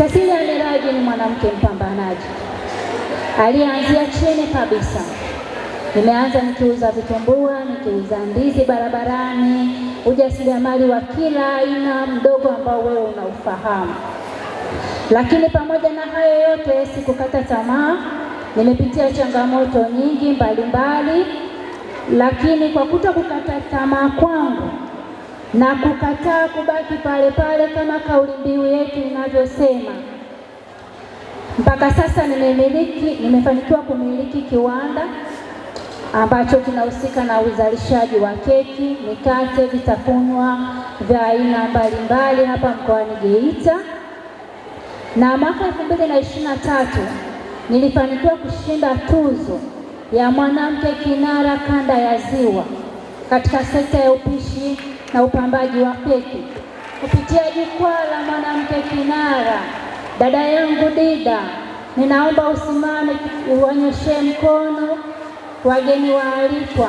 Cecilia Nerage ni mwanamke mpambanaji aliyeanzia chini kabisa. Nimeanza nikiuza vitumbua, nikiuza ndizi barabarani, ujasiriamali wa kila aina mdogo ambao wewe unaufahamu. Lakini pamoja na hayo yote, sikukata tamaa. Nimepitia changamoto nyingi mbalimbali mbali, lakini kwa kuto kukata tamaa kwangu na kukataa kubaki pale pale kama kauli mbiu yetu inavyosema. Mpaka sasa nimemiliki, nimefanikiwa kumiliki kiwanda ambacho kinahusika na uzalishaji wa keki, mikate, vitafunwa vya aina mbalimbali hapa mkoani Geita, na mwaka elfu mbili na ishirini na tatu nilifanikiwa kushinda tuzo ya mwanamke kinara kanda ya Ziwa katika sekta ya upishi na upambaji wa keki kupitia jukwaa la mwanamke kinara. Dada yangu Dida, ninaomba usimame uonyeshe mkono wageni waalikwa.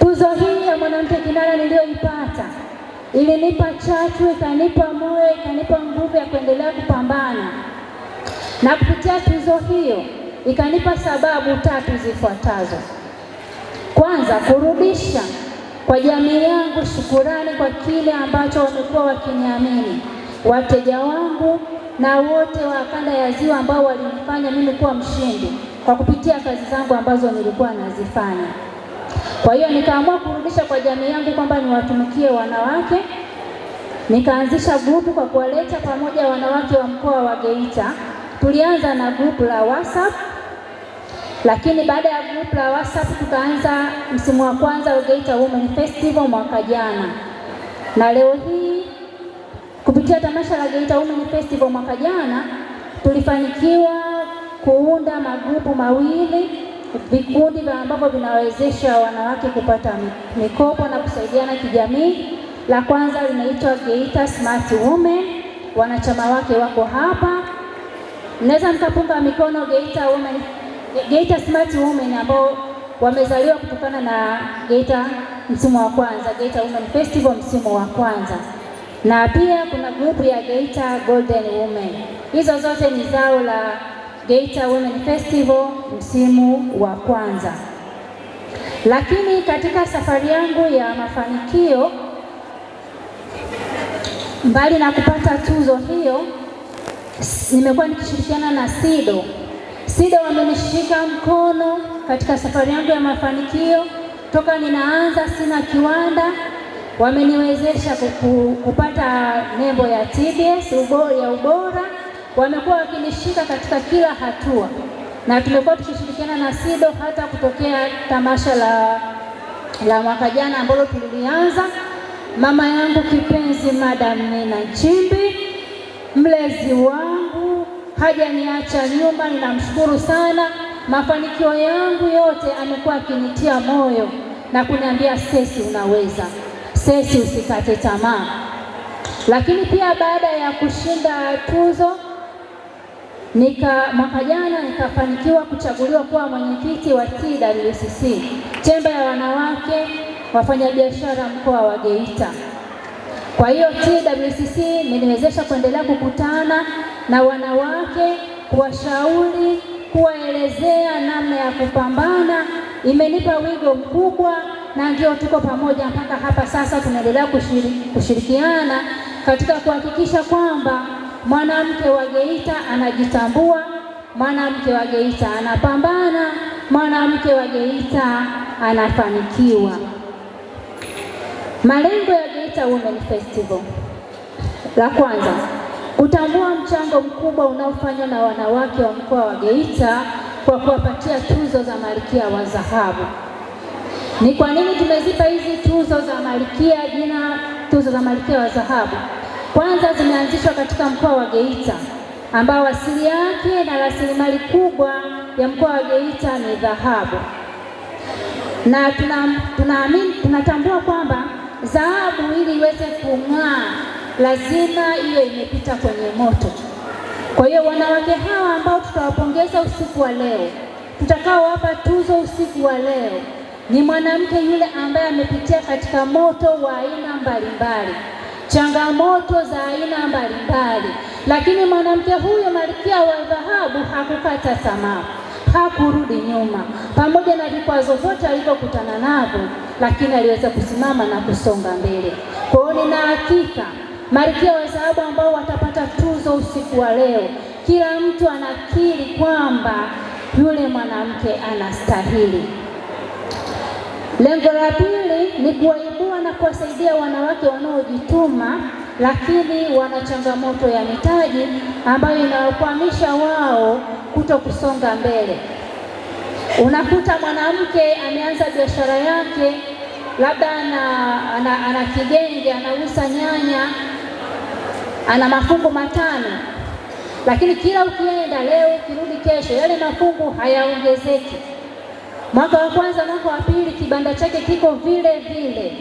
Tuzo hii ya mwanamke kinara niliyoipata ilinipa chachu, ikanipa moyo, ikanipa nguvu ya kuendelea kupambana, na kupitia tuzo hiyo ikanipa sababu tatu zifuatazo. Kwanza, kurudisha kwa jamii yangu, shukurani kwa kile ambacho wamekuwa wakiniamini, wateja wangu na wote wa kanda ya Ziwa ambao walinifanya mimi kuwa mshindi kwa kupitia kazi zangu ambazo nilikuwa nazifanya. Kwa hiyo nikaamua kurudisha kwa jamii yangu kwamba niwatumikie wanawake. Nikaanzisha grupu kwa kuwaleta pamoja wanawake wa mkoa wa Geita. Tulianza na grupu la WhatsApp lakini baada ya group la WhatsApp tukaanza msimu wa kwanza wa Geita Women Festival mwaka jana, na leo hii kupitia tamasha la Geita Women Festival mwaka jana tulifanikiwa kuunda magrupu mawili vikundi vya ambavyo vinawezesha wanawake kupata mikopo na kusaidiana kijamii. La kwanza linaitwa Geita Smart Women, wanachama wake wako hapa, naweza nikapunga mikono Geita Women Geita Smart Women ambao wamezaliwa kutokana na Geita msimu wa kwanza, Geita Women Festival msimu wa kwanza, na pia kuna grupu ya Geita Golden Women. Hizo zote ni zao la Geita Women Festival msimu wa kwanza. Lakini katika safari yangu ya mafanikio, mbali na kupata tuzo hiyo, nimekuwa nikishirikiana na SIDO SIDA wamenishika mkono katika safari yangu ya mafanikio toka ninaanza, sina kiwanda, wameniwezesha kupata nembo ya TBS ubora, ya ubora. Wamekuwa wakinishika katika kila hatua, na tumekuwa tukishirikiana na SIDO hata kutokea tamasha la, la mwaka jana ambalo tulilianza. Mama yangu kipenzi, Madam Nina Nchimbi, mlezi wangu hajaniacha nyuma, ninamshukuru sana. Mafanikio yangu yote amekuwa akinitia moyo na kuniambia Cecy, unaweza Cecy, usikate tamaa. Lakini pia baada ya kushinda tuzo nika mwaka jana nikafanikiwa kuchaguliwa kuwa mwenyekiti wa TWCC, chemba ya wanawake wafanyabiashara mkoa wa Geita. Kwa hiyo TWCC imeniwezesha kuendelea kukutana na wanawake, kuwashauri, kuwaelezea namna ya kupambana. Imenipa wigo mkubwa, na ndio tuko pamoja mpaka hapa sasa. Tunaendelea kushirikiana katika kuhakikisha kwamba mwanamke wa Geita anajitambua, mwanamke wa Geita anapambana, mwanamke wa Geita anafanikiwa. Malengo ya Geita Women Festival, la kwanza kutambua mchango mkubwa unaofanywa na wanawake wa mkoa wa Geita kwa kuwapatia tuzo za Malkia wa Dhahabu. Ni kwa nini tumezipa hizi tuzo za Malkia jina tuzo za Malkia wa Dhahabu? Kwanza, zimeanzishwa katika mkoa wa Geita ambao asili yake na rasilimali kubwa ya mkoa wa Geita ni dhahabu, na tunaamini tunatambua kwamba dhahabu ili iweze kung'aa lazima iwe imepita kwenye moto. Kwa hiyo wanawake hawa ambao tutawapongeza usiku wa leo, tutakaowapa tuzo usiku wa leo, ni mwanamke yule ambaye amepitia katika moto wa aina mbalimbali, changamoto za aina mbalimbali, lakini mwanamke huyo malkia wa dhahabu hakukata tamaa, hakurudi nyuma, pamoja na vikwazo vyote alivyokutana navyo, lakini aliweza kusimama na kusonga mbele. Kwa hiyo nina hakika Malkia dhahabu ambao watapata tuzo usiku wa leo. Kila mtu anakiri kwamba yule mwanamke anastahili. Lengo la pili ni kuwaibua na kuwasaidia wanawake wanaojituma lakini wana changamoto ya mitaji ambayo inawakwamisha wao kuto kusonga mbele. Unakuta mwanamke ameanza biashara yake, labda ana, ana, ana kigenge anauza nyanya ana mafungu matano, lakini kila ukienda leo ukirudi kesho yale mafungu hayaongezeki. Mwaka wa kwanza, mwaka wa pili, kibanda chake kiko vile vile.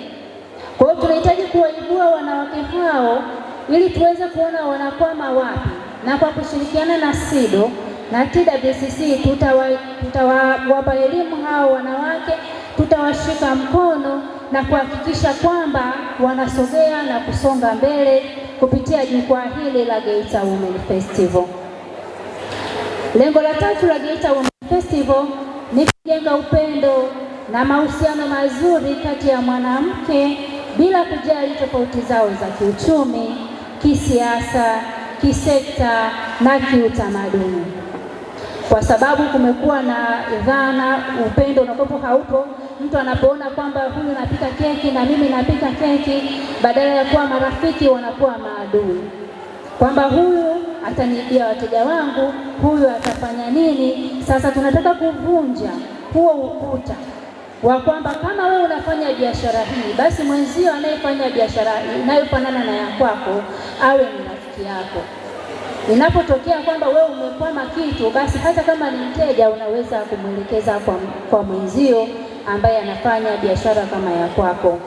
Kwa hiyo tunahitaji kuwaibua wanawake hao ili tuweze kuona wanakwama wapi, na kwa kushirikiana na SIDO na TWCC tutawapa elimu hao wanawake, tutawashika mkono na kuhakikisha kwamba wanasogea na kusonga mbele kupitia jukwaa hili la Geita Women Festival. Lengo la tatu la Geita Women Festival ni kujenga upendo na mahusiano mazuri kati ya mwanamke bila kujali tofauti zao za kiuchumi, kisiasa, kisekta na kiutamaduni, kwa sababu kumekuwa na dhana upendo unakopo haupo mtu anapoona kwamba huyu napika keki na mimi napika keki, badala ya kuwa marafiki wanakuwa maadui, kwamba huyu ataniibia wateja wangu, huyu atafanya nini. Sasa tunataka kuvunja huo ukuta wa kwamba kama wewe unafanya biashara hii, basi mwenzio anayefanya biashara inayofanana na ya kwako awe ni rafiki yako. Inapotokea kwamba wewe umekwama kitu, basi hata kama ni mteja unaweza kumwelekeza kwa, kwa mwenzio ambaye anafanya biashara kama ya kwako.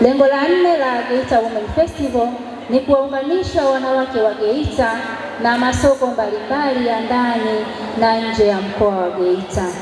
Lengo la nne la Geita Women Festival ni kuwaunganisha wanawake wa Geita na masoko mbalimbali ya ndani na nje ya mkoa wa Geita.